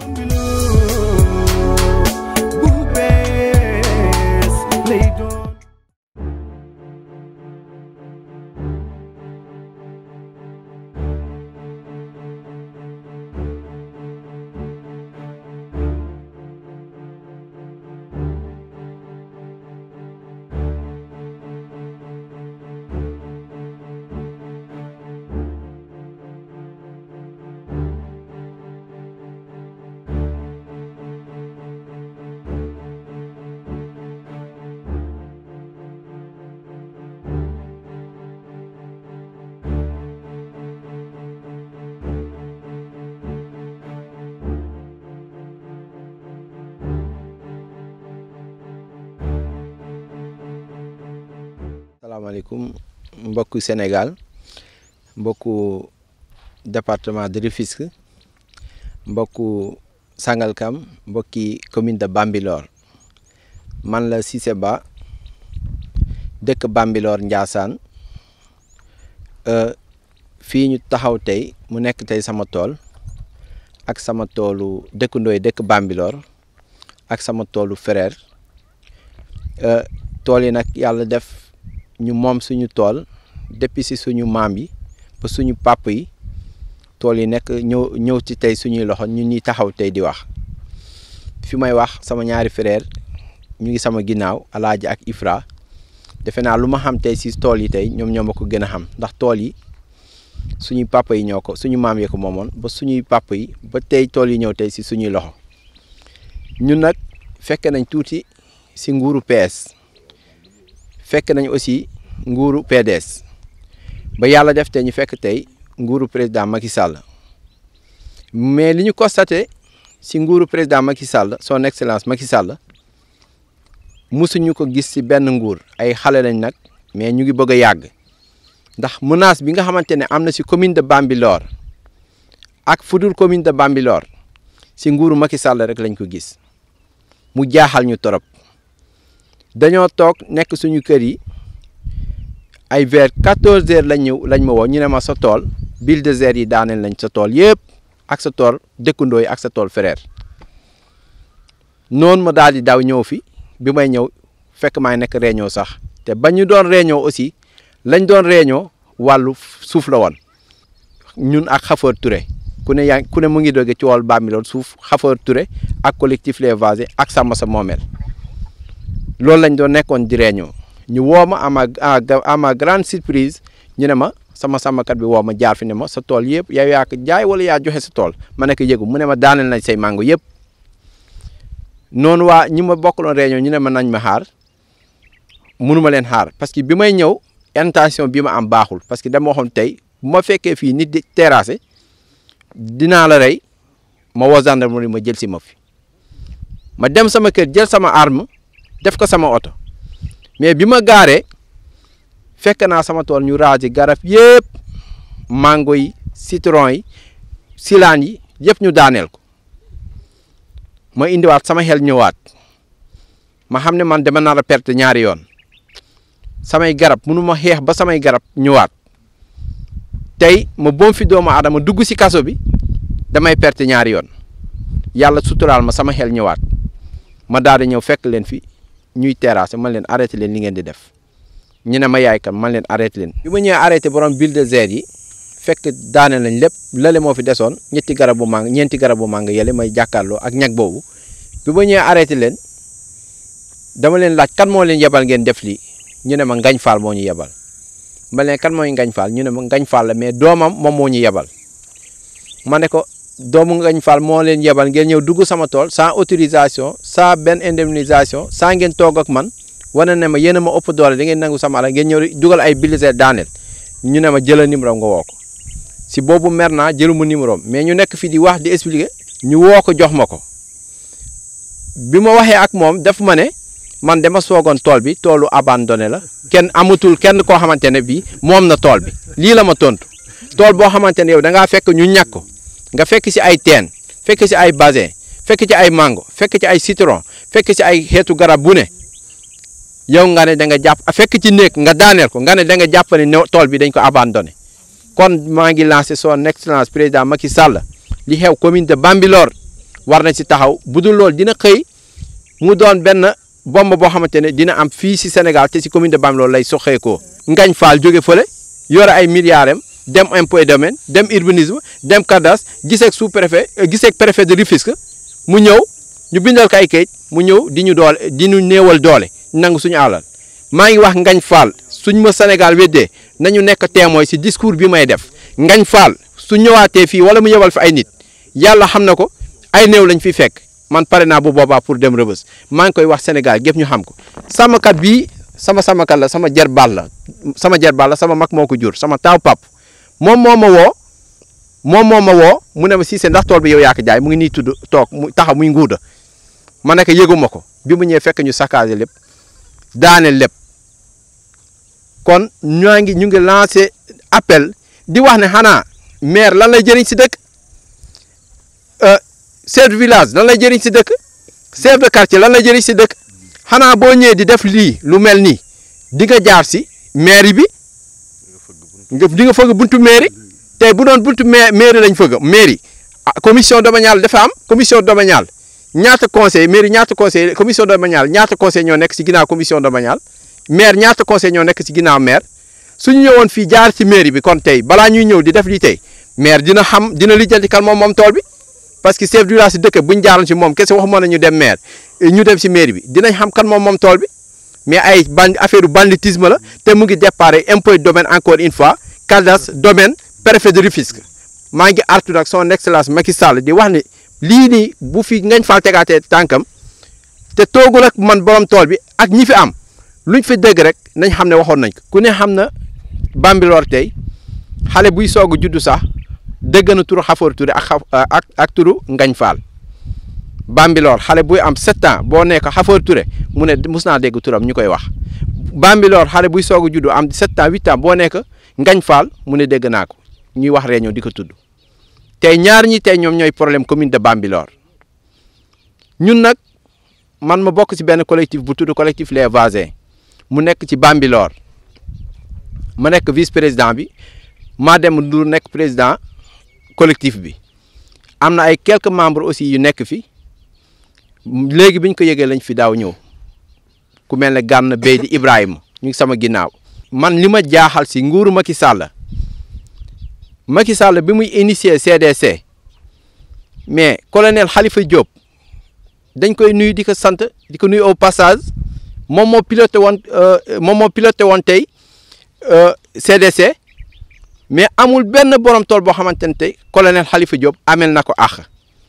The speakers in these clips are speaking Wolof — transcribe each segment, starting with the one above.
Unbelievable. asalaamaaleykum mbokku Sénégal mbokku département de Rufisque mbokku Sangalkam mbokki commune de Bambilor man la Cissé Ba dëkk Bambilor Ndiassane euh, fii ñu taxaw tey mu nekk tey sama tool ak sama toolu dëkkandooy dëkk Bambilor ak sama toolu frère euh, tool nag yàlla def ñu mom suñu tol depuis si suñu maam yi ba suñu papa yi tool yi nekk ñëw ñëw ci tey suñuy loxo ñun ñuy taxaw tey di wax fi may wax sama ñaari frère ñu ngi sama ginnaaw alaaji ak Ifra defena naa lu ma xam tey si tool yi tey ñoom ñoo ma ko gën a xam ndax tool yi suñuy papa yi ñoo ko suñu maam yi ko moomoon ba suñuy papa yi ba yi loxo ñun nañ tuuti PS fekk nañu aussi nguuru PDS ba yàlla def te ñu fekk tey nguuru président Macky Sall mais li ñu constaté si nguuru président Macky Sall son excellence Macky Sall musuñu ko gis si benn nguur ay xale lañ nag mais ñu ngi bëgg a yàgg ndax mënaas bi nga xamante ne am na si commune de Bambilor ak fudul commune de Bambilor si nguuru Macky Sall rek lañ ko gis mu jaaxal ñu torop dañoo toog nekk suñu kër yi ay vers 14 heures lañ ñëw lañ ma woo ñu ne ma sa tool de bulldozer yi daaneel nañ sa tool yëpp ak sa tool dëkkandoo yi ak sa tool fereer noonu ma daal di daw ñëw fi bi may ñëw fekk maay nekk réunion sax te ba ñu doon réunion aussi lañ doon réunion wàllu suuf la woon ñun ak Xafoor Touré ku ne yaa ku ne mu ngi doge ci wàllu Bambilor suuf Xafoor Touré ak collectif Les Vasés ak Sàmm sa Moomeel loolu lañ doon nekkoon di réunion ñu woo ma ama ama grande surprise ñu ne ma sama sàmmkat bi woo ma jaar fi ne ma sa tool yëpp yow yaa ko jaay wala yaa joxe sa tool ma nekk yëgu mu ne ma daaneel nañ say mango yëpp noonu waa ñi ma bokkaloon réunion ñu ne ma nañ ma xaar mënuma leen xaar parce que bi may ñëw intention bi ma am baaxul parce que dama waxoon tey bu ma fekkee fii nit di terrassé dinaa la rey ma woo gendarmerie ma jël si ma fi ma dem sama kër jël sama arm def ko sama oto mais bi ma gaaree fekk naa sama tool ñu raasi garab yëpp màngo yi citron yi silaan yi yëpp ñu daaneel ko ma indiwaat sama xel ñëwaat ma xam ne man dama naa la perte ñaari yoon samay garab mënu xeex ba samay garab ñëwaat tey ma boom fi doomu aadama dugg si kaso bi damay perte ñaari yoon yàlla suturaal ma sama xel ñëwaat ma daal ñëw fekk leen fii ñuy terrasser man leen arrêté leen li ngeen di def ñu ne ma yaay kan man leen arrêté leen. bi ma ñëwee arrêté borom bulldozer yi fekk daane lañ lépp lale moo fi desoon ñetti garabu màng ñeenti garabu màng yale may jàkkaarloo ak ñag boobu bi ma ñëwee arrêté leen dama leen laaj kan moo leen yebal ngeen def lii ñu ne ma ngañ faal moo ñu yebal ma leen kan mooy ngañ faal ñu ne ma ngañ faal mais doomam moom moo ñu yebal ma ne ko doomu ngañ fal moo leen yebal ngeen ñëw dugg sama tool sans autorisation sans ben indemnisation sans ngeen toog ak man wane ne ma yéen a ma ëpp doole da ngeen nangu sama alal ngeen dugal ay biliser daaneel ñu ne ma jëlal numéro nga woko si bobu merna naa jëlu mu numéro mais ñu nekk fii di wax di expliquer ñu woo ko jox ma ko bi ak mom daf ma man dama soogoon tool bi toolu abandonné la kenn amatul kenn koo xamante ne bii na tool bi lii la ma tontu tool boo xamante yow da fekk ñu nga fekk si ay teen fekk si ay basin fekk ci ay mango fekk ci ay citron fekk si ay xeetu garab bu ne yow nga ne da nga jàpp fekk ci néeg nga daaneel ko nga ne da nga jàpp ne tool bi dañ ko abandonné kon maa ngi lancé son excellence président Macky salla li xew commune de Bambilor war na ci taxaw bu dul loolu dina xëy mu doon benn bomb boo xamante ne dina am fii si Sénégal te si commune de Bambilor lay soxeekoo ngañ Fall jóge fële yore ay milliards dem impôt et domaine dem urbanisme dem cadastre gisee ak sous préfet euh, gisee ak préfet de Rufisque mu ñëw ñu bindal ko ay kayit mu ñëw di ñu doole di ñu néewal doole nangu suñu alal maa ngi wax Fall ma Sénégal weddee nañu nekk témoin discours bi may def Ngagne Fall su ñëwaatee fii wala mu ñëwal fi ay nit yàlla xam ko ay lañ fi fekk man pare nabu bu pur pour dem rëbës maa ngi koy wax Sénégal gépp ñu xam ko sama sama kala la sama jarbaat la sama jarbaat la sama mak moo jur sama taaw pap moom moo ma woo wo moo ma woo mu ne ma Cissé ndax tool bi yow yaa ko jaay mu ngi nii tudd toog mu muy nguuda ma ne bi mu ñëwee fekk ñu saccagé lépp daane lépp kon ñoo ngi ñu ngi lancé appel di wax ne xanaa maire lan lay jëriñ si dëkk euh, chef de village lan lay jëriñ si dëkk chef de quartier lan lay jëriñ si dëkk xanaa boo ñëwee di def li lu mel di nga jaar si mairie bi nga di nga fëgg buntu mairie tey bu doon buntu mairie lañ fëgg mairie ah, commission domaniale dafa am commission domaniale ñaata conseil mairie ñaata conseil commission domaniale ñaata conseil ñoo nekk ci ginnaaw commission domaniale maire ñaata conseil ñoo nekk ci ginnaaw maire suñu ñëwoon fii jaar si mairie bi kon tey balaa ñu ñëw di def lii tey maire dina xam dina lijjanti kan moom moom tool bi parce que chef du village si dëkk bu ñu jaaroon si moom kese waxuma na ñu dem maire ñu dem si mairie bi dinañ xam kan moom moom tool bi mais ay bandi affaire banditisme la te mu ngi dépare impôt domaine encore une fois CADAS domaine préfet de Rufisque maa ngi artu son excellence Macky Sall di wax ni lii nii bu fi ngañ fal tegaatee tànkam te ak man borom tol bi ak ñi fi am luñ fi dégg rek nañ xamné ne nañ ku né xamna na Bambilor tey xale buy sogu juddu sax dégg na turu Xafoor Ture ak ak turu Ngañ fal Bambilor xale buy am sept ans boo nekk Xafoor Touré mu ne mus naa dégg turam ñu koy wax Bambilor xale buy soog a juddu am sept ans huit ans boo nekk Ngañ Faal mu ne dégg naa ko ñuy wax réunion di ko tudd tey ñaar ñi tey ñoom ñooy problème commune de Bambilor ñun nag man ma bokk si benn collectif bu tudd collectif les voisins mu nekk ci Bambilor ma nekk vice président bi maa dem du nekk président collectif bi am na ay quelques membres aussi yu nekk fi léegi bi ñu ko yëgee lañ fi daaw ñëw ku mel ne gànn béy di Ibrahima ñu sama ginnaaw. man li ma jaaxal si nguuru Macky Sall Macky Sall bi muy initier CDC mais colonel Khalifa Diop dañ koy nuyu di ko sant di ko nuyu au passage moom moo piloté woon euh, moom moo piloté woon tey CDC euh, mais amul benn borom tool boo xamante ne tey colonel Khalifa Diop amel na ko àq.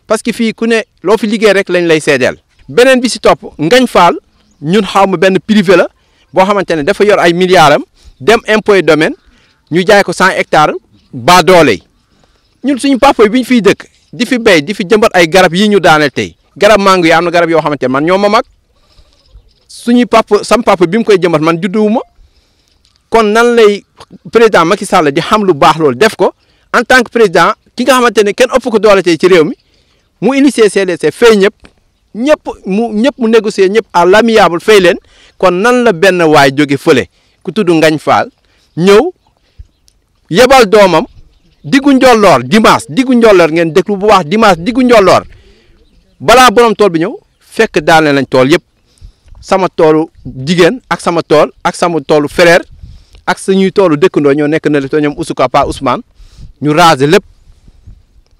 parce que fii ku ne loo fi liggéey rek lañu lay seedeel beneen bi si topp Ngagne Fall ñun xaw ma benn privé la boo xamante ne dafa yor ay milliards am dem impôt domaine ñu jaay ko cent hectare baa doole ñun suñu papa bi ñu fiy dëkk di fi béy di fi jëmbat ay garab yi ñu daaneel tey garab mango yi am na garab yoo xamante ne man ñoo ma mag suñuy papa sam papa bi mu koy jëmbat man judduwuma kon nan lay président Macky Sall di xam lu baax loolu def ko en tant que président ki nga xamante ne kenn ëpp ko doole tey ci réew mi. mu initier CDC fay ñëpp ñëpp mu ñëpp mu négocier ñëpp à l'amiable fay leen kon nan la benn waay jóge fële ku tuddu Ngañ Faal ñëw yebal doomam diggu njolloor dimanche diggu njolloor ngeen déglu bu baax dimanche diggu njolloor balaa borom tool bi ñëw fekk daane lañ tool yëpp sama toolu jigéen ak sama tool ak sama toolu frère ak suñuy toolu dëkkandoo ñoo nekk na li te ñoom Oussouka Pa Ousmane ñu raser lépp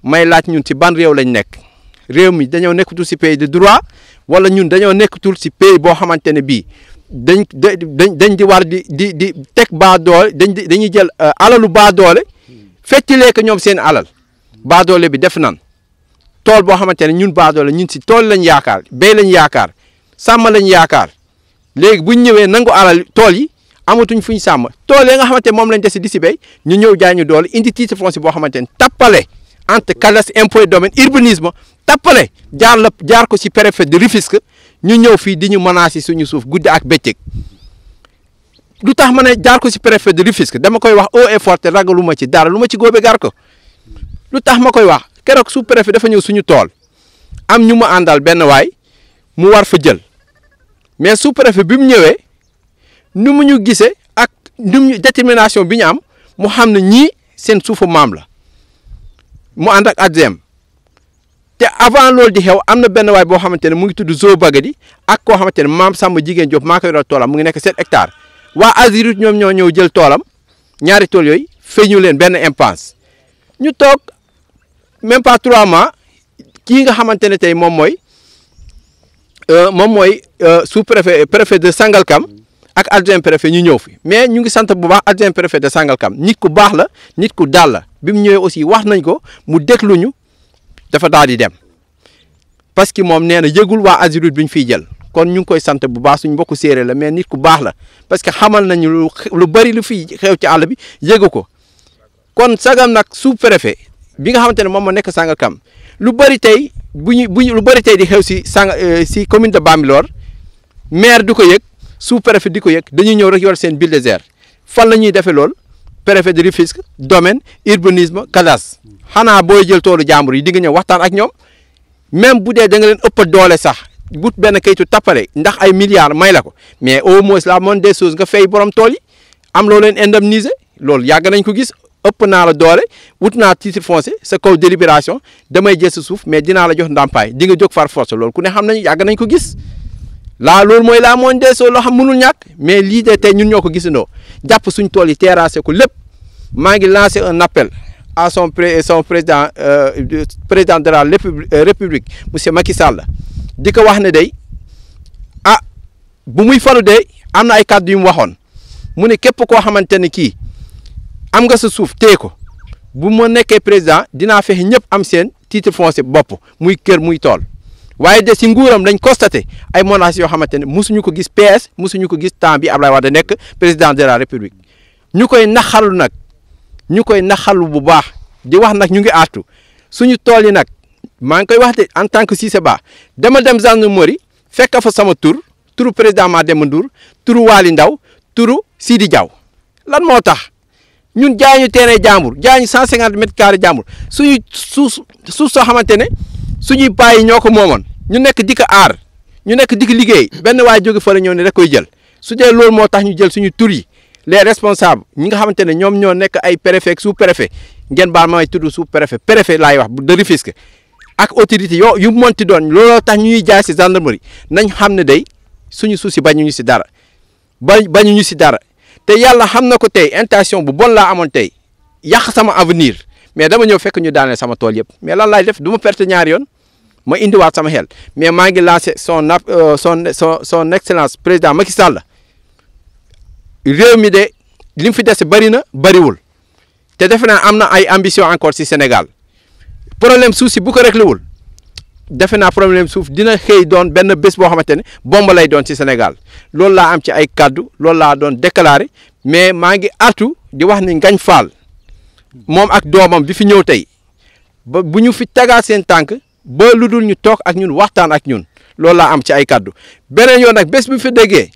may laaj ñun ci ban réew lañ nekk réew mi dañoo nekkatul si pays de droit wala ñun dañoo nekkatul si pays boo xamante ne bii dañ dañ dañ di war di di di teg baa doole dañ di dañuy jël euh, alalu baa doole feccilee ko ñoom seen alal baa doole bi def nan tool boo xamante ne ñun baa doole ñun si tool lañ yaakaar béy lañ yaakaar sàmm lañ yaakaar léegi bu ñu ñëwee nangu alal tool yi. amatuñ fuñ sàmm tool yi nga xamante moom lañ dese di si béy ñu ñëw jaay ñu doole indi titre foncier boo xamante ne tappale entre cadastre impôt domaine urbanisme tappale jaar la jaar ko ci préfet de Rufisque ñu ñëw fii di ñu menacer suñu suuf guddi ak bëccëg lu tax ma ne jaar ko ci préfet de Rufisque dama koy wax haut et fort te ma ci dara lu ma ci góobe gar ko lu tax ma koy wax keroog su préfet dafa ñëw suñu tool am ñu ma àndal benn waay mu war fa jël mais su préfet bi mu ñëwee nu mu ñu gisee ak ni mu détermination bi ñu am mu xam ne ñii seen suufu maam la mu ànd ak adjem te avant loolu di xew am na benn waay boo xamante ne mu ngi tudd Zo Bagadi ak koo xamante ne maam Samba jigéen Diop maa ko mu ngi nekk 7 hectares waa Azirut ñoom ñoo ñëw jël toolam ñaari tool yooyu feeñu leen benn impasse ñu toog même pas trois mois kii nga xamante ne tey moom mooy euh, moom mooy euh, sous préfet préfet de Sangalkam ak adjoint préfet ñu ñëw fi mais ñu ngi sant bu baax adjoint préfet de Sangalkam nit ku baax la nit ku daal la bi mu aussi wax nañ ko mu dafa daal di dem parce que moom nee na yëgul waa Azurut bi ñu fiy jël kon ñu ngi koy sante bu baax suñ mbokku séeréer la mais nit ku baax la parce que xamal nañu lu lu bëri lu fiy xew ci àll bi yëgu ko kon sagam nag sous préfet bi nga xamante ne moom moo nekk Sangalkam lu bëri tey bu ñu bu ñu lu bëri tey di xew si sang euh, si commune de Bambilor maire du ko yëg sous préfet di ko yëg dañuy ñëw rek yor seen bulldozer fan la ñuy defee loolu préfet de Rufisque domaine urbanisme cadastre xanaa booy jël toolu jàmbur yi di nga ñëw waxtaan ak ñoom même bu dee da nga leen ëpp doole sax but benn kayitu tappale ndax ay milliards may la ko mais au moins la moindre des choses nga fay borom tool am looleen leen indemniser loolu yàgg nañ ko gis ëpp naa la doole wut naa titre foncier sa kaw délibération damay jël sa suuf mais dinaa la jox ndàmpaay di nga jóg far force loolu ku ne xam nañu yàgg nañ ko gis. la loolu mooy la mondialisation loo xam mënul ñàkk mais lii de tey ñun ñoo ko gisandoo jàpp suñ tool yi terrassé ko lépp maa ngi lancé un appel à son pré son président euh, président de la euh, république monsieur Macky Sall di ko wax ne day ah bu muy falu de am ay kàddu yu mu waxoon mu ne képp koo xamante ne kii am nga sa suuf téye ko bu ma nekkee président dinaa fexe ñëpp am seen titre foncier bopp muy kër muy tool. waaye de si nguuram dañ constaté ay menaces yoo xamante ne mosuñu ko gis PS mosuñu ko gis temps bi Ablaye Wade nekk président de la république ñu koy naxalu nag ñu koy naxalu bu baax di wax nag ñu ngi aatu suñu tool yi nag maa ngi koy wax de en tant que Cissé Ba dama dem gendarmerie fekk fa sama tur turu président Mademba Ndour turu Waly Ndaw turu Sidi Diaw lan moo tax ñun jaay ñu terrain jàmbur jaay ñu 150 mètres carrés jàmbur suñu suuf suuf soo xamante ne. suñuy bàyyi ñoo ko moomoon ñu nekk di ko aar ñu nekk di ko liggéey benn waaye jóge fa la ñëw ne rek koy jël su dee loolu moo tax ñu jël suñu tur yi les responsables ñi nga xamante ne ñoom ñoo nekk ay préfet sous préfet ngeen baal ma may tudd sous préfet préfet laay wax bu de ak autorité yoo yu monti doon looloo tax ñuy jaay si gendarmerie nañ xam ne day suñu suuf si ñu bañuñu si dara ba ñu si dara te yàlla xam na ko tey intention bu bon laa amoon tey yàq sama avenir mais dama ñew fekk ñu daané sama tool yépp mais lan lay def duma perte ñaar yoon ma waat sama xel mais ma ngi lancer son euh, son son son excellence président Macky Sall réew mi dé lim fi des bari na bari te té def na amna ay ambition encore si Sénégal problème souci bu ko réglé wul def na problème souf dina xey doon ben bés bo xamante bomb lay doon ci Sénégal lool la am ci ay cadeau lool la doon déclarer mais ma ngi artu di wax ni Fall moom ak doomam bi fi ñëw tey ba bu ñu fi tagaat seen tànk ba lu dul ñu toog ak ñun waxtaan ak ñun loolu laa am ci ay kàddu beneen yoon nag bés bi fi déggee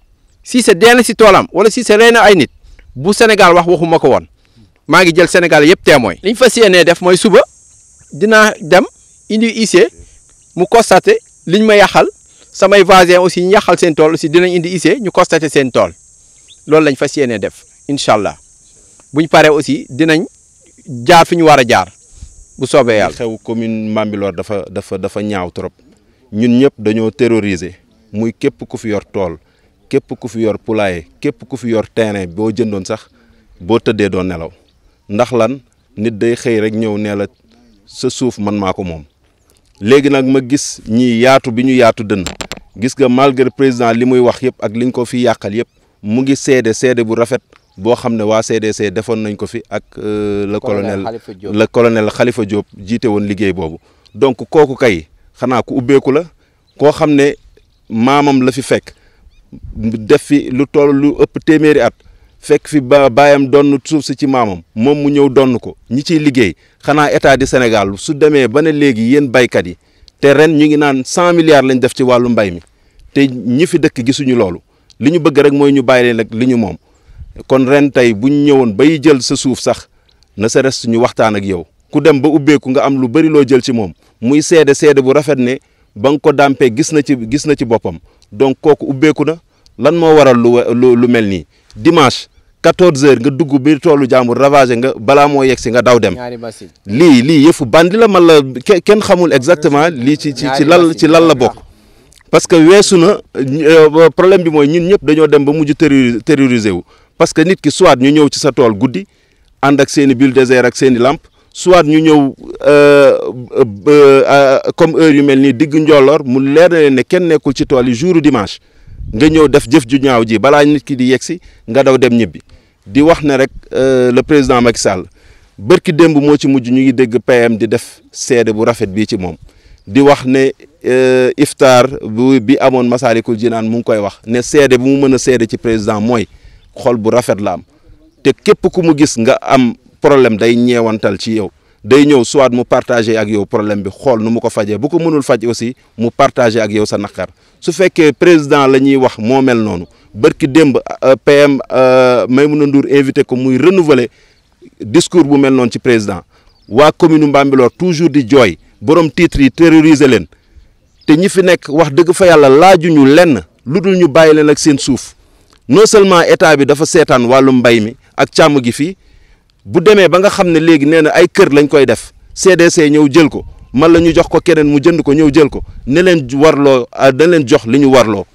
Cissé dee na si toolam wala Cissé rey na ay nit bu Sénégal wax waxuma ko woon maa ngi jël Sénégal yëpp mooy li ñu fas yéenee def mooy suba dina dem indi huissier mu constaté liñ ma yàqal samay voisins aussi ñu yàqal seen tool aussi dinañ indi huissier ñu constaté seen tool loolu lañ fas yéenee def incha allah buñ paree aussi dinañ. jaar fi ñu war a jaar bu soobee yàlla. xew commune Bambilor dafa dafa dafa ñaaw trop ñun ñëpp dañoo terroriser muy képp ku fi yor tool képp ku fi yor poulailler képp ku fi yor terrain boo jëndoon sax boo tëddee doon nelaw ndax lan nit day xëy rek ñëw nee la sa suuf man maa ko moom. léegi nag ma gis ñi yaatu bi ñu yaatu dënn gis nga malgré président li muy wax yëpp ak liñ ko fi yàqal yëpp mu ngi seede seede bu rafet. boo xam ne waa CDC defoon nañ ko fi ak euh, le colonel la kolonel Khalifa jóob jiite woon liggéey boobu donc kooku kay xanaa ku ubbeeku la koo xam ne maamam la fi fekk def fi lu toll lu ëpp téeméeri at fekk fi ba baayam donn suuf si ci maamam moom mu ñëw donn ko ñi ciy liggéey xanaa état du Sénégal su demee ba ne léegi yéen baykat yi te ren ñu ngi naan cent milliards lañ def ci wàllu mbay mi te ñi fi dëkk gisuñu loolu li ñu bëgg rek mooy ñu bàyyi leen rek li ñu moom kon ren tey bu ñëwoon bay jël sa suuf sax na sa res ñu waxtaan ak yow ku dem ba ubbeeku nga am lu bëri loo jël ci moom muy seede seede bu rafet ne ba nga ko dàmpee gis na ci gis na ci boppam donc kooku ubbeeku na lan moo waral lu lu mel nii dimanche 14 heures nga dugg biir toolu jàmbur ravagé nga balaa moo yegg si nga daw dem lii lii yëfu bandi la man la kenn xamul exactement lii ci ci ci lal ci lal la bokk parce que weesu na euh, problème bi mooy ñun ñëpp dañoo dem ba mujj terroriser wu parce que nit ki soit ñu ñëw ci sa tool guddi ànd ak seen i bulldozer ak seen i lampe soit ñu ñëw euh, euh, euh, comme heure yu mel ni digg njolloor mu leer na leen ne kenn nekkul ci tool yi jouru dimanche nga ñëw def jëf ju ñaaw ji balaa nit ki di yegsi nga daw dem ñibbi di wax ne rek le président Macky Sall bërki démb moo ci mujj ñu ngi dégg PM di def seede bu rafet bii ci moom di wax ne iftaar bu bi amoon Masaalikul naan mu ngi koy wax ne seede bu mu mën a seede ci président mooy xool bu rafet la am te képp ku mu gis nga am problème day ñeewantal ci yow day ñëw soit mu partager ak yow problème bi xool nu mu ko fajee bu ko mënul faj aussi mu partager ak yow sa naqar su fekkee président la ñuy wax moo mel noonu bërki démb PM mun a Ndour invité ko muy renouveler discours bu mel noonu ci président waa commune Mbambilor toujours di jooy borom titre yi terroriser leen te ñi fi nekk wax dëgg fa yàlla laajuñu lenn lu dul ñu bàyyi leen ak seen suuf non seulement état bi dafa seetaan wàllum mbay mi ak càmm gi fii bu demee ba nga xam ne léegi nee na ay kër lañ koy def CDC ñëw jël ko man la ñu jox ko keneen mu jënd ko ñëw jël ko ne leen warloo dañ ah, leen jox li ñu warloo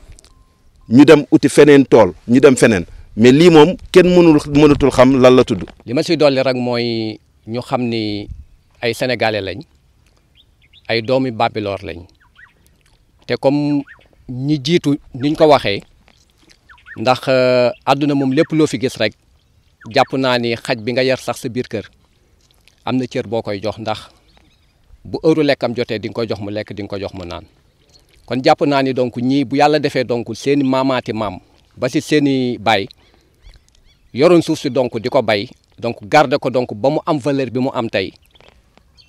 ñu dem uti feneen tool ñu dem feneen mais lii moom kenn mënul mënatul xam lan la tudd. li ma siy dolli rek mooy ñu xam ni ay sénégalais lañ ay doomi Bambilor lañ te comme ñi jiitu niñ ko waxee. ndax euh, àdduna moom lépp loo fi gis rek jàpp naa ni xaj bi nga yar sax sa biir kër am na cër boo koy jox ndax bu heure lekkam jotee di nga ko jox mu lekk di nga ko jox mu naan kon jàpp naa ni donc ñii bu yàlla defee donc seeni maamaati maam ba si seeni baay yoroon suuf si donc di ko bay donc garder ko donc ba mu am valeur bi mu am tey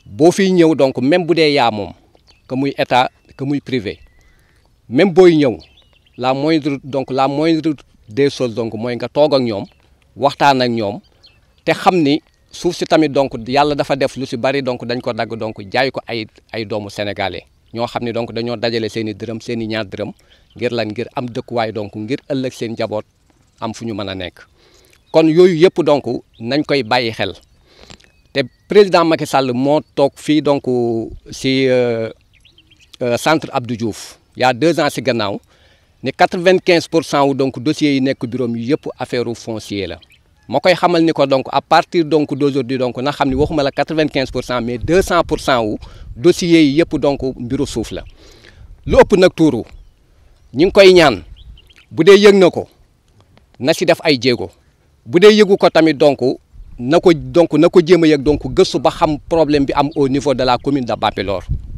boo fiy ñëw donc même bu dee yaa moom que muy état que muy privé même booy ñëw la moindre donc la moindre des choses donc mooy nga toog ak ñoom waxtaan ak ñoom te xam ni suuf si tamit donc yàlla dafa def lu si bari donc dañ ko dagg donc jaay ko ay ay doomu sénégalais ñoo xam ne donc dañoo dajale seen i dërëm seeni i ñaar dërëm ngir lan ngir am dëkkuwaay donc ngir ëllëg seen njaboot am fu ñu mën a nekk kon yooyu yëpp donc nañ koy bàyyi xel te président Macky Sall moo toog fii donc si euh, euh, centre Abdou Diouf y a deux ans si gannaaw ne 95% donc dossiers yi nek bureau yi yëpp affaire foncier la makoy xamal ni ko donc à partir donc d'aujourd'hui donc na xamni waxuma la 95% mais 200% ou wu dossiers yi yëpp donc bureau souf la lu ëpp nag tuuru ñu ngi koy ñaan bu dee yëg na na def ay djégo bu dee ko tamit donc nako donc nako djema jéem donc geussu ba xam problème bi am au niveau de la commune de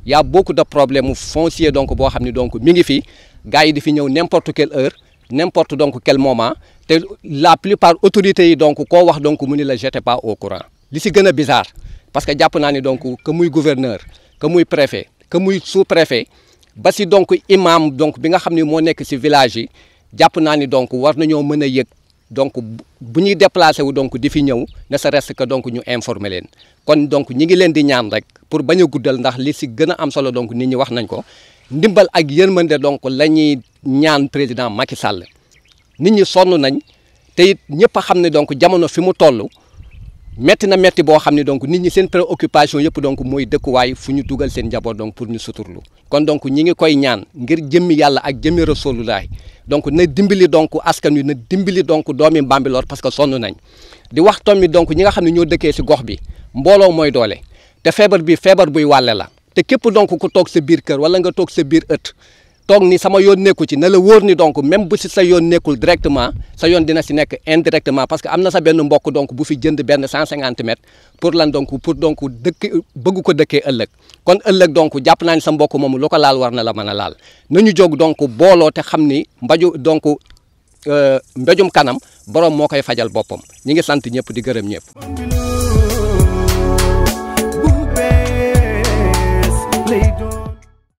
Il y a beaucoup de problèmes fonciers donc bo xamni donc mi ngi fi gars yi di fi n'importe quelle heure n'importe donc quel moment la plupart autorités yi donc ko wax donc mu ni la j'étais pas au courant li ci gëna bizarre parce que japp naa donc que muy gouverneur que muy préfet que muy sous-préfet ba si donc imam donc bi nga xamni mo moo nekk village yi japp naa donc war nañu mëna a donc bu ñuy déplacé wu donc di fi ñëw ne sa reste que donc ñu informer leen kon donc ñi ngi leen di ñaan rek pour baña guddal ndax li ci gëna am solo donc nit ñi wax nañ ko ndimbal ak yërmande donc la ñuy ñaan président Macky Sall nit ñi sonn nañ te it ñëpp a xam ne donc jamono fi mu toll métti na métti boo xam ne donc nit ñi seen préoccupation yëpp donc mooy fu ñu dugal seen donc pour ñu suturlu kon donc ñi ngi koy ñaan ngir jëmmi yàlla ak jëmmi rasulullah donc na dimbali donc askan wi na dimbali donc doomi Bambilor parce que sonn nañ di wax tamit donc ñi nga xam ne ñoo dëkkee si gox bi mbooloo mooy doole te feebar bi feebar buy wàlle la te képp donc ku toog sa biir kër wala nga toog sa biir ëtt toog ni sama yoon nekku ci na la wóor ni donc même bu si sa yoon nekkul directement sa yoon dina si nekk indirectement parce que am na sa benn mbokk donc bu fi jënd benn 150 mètres pour lan donc pour donc dëkk bëgg ko dëkkee ëllëg kon ëllëg donc jàpp naa ni sa mbokk moomu lu ko laal war na la mën a laal nañu jóg donc booloo te xam mbaju donc euh, kanam borom moo koy fajal boppam ñi ngi sant ñëpp di gërëm ñëpp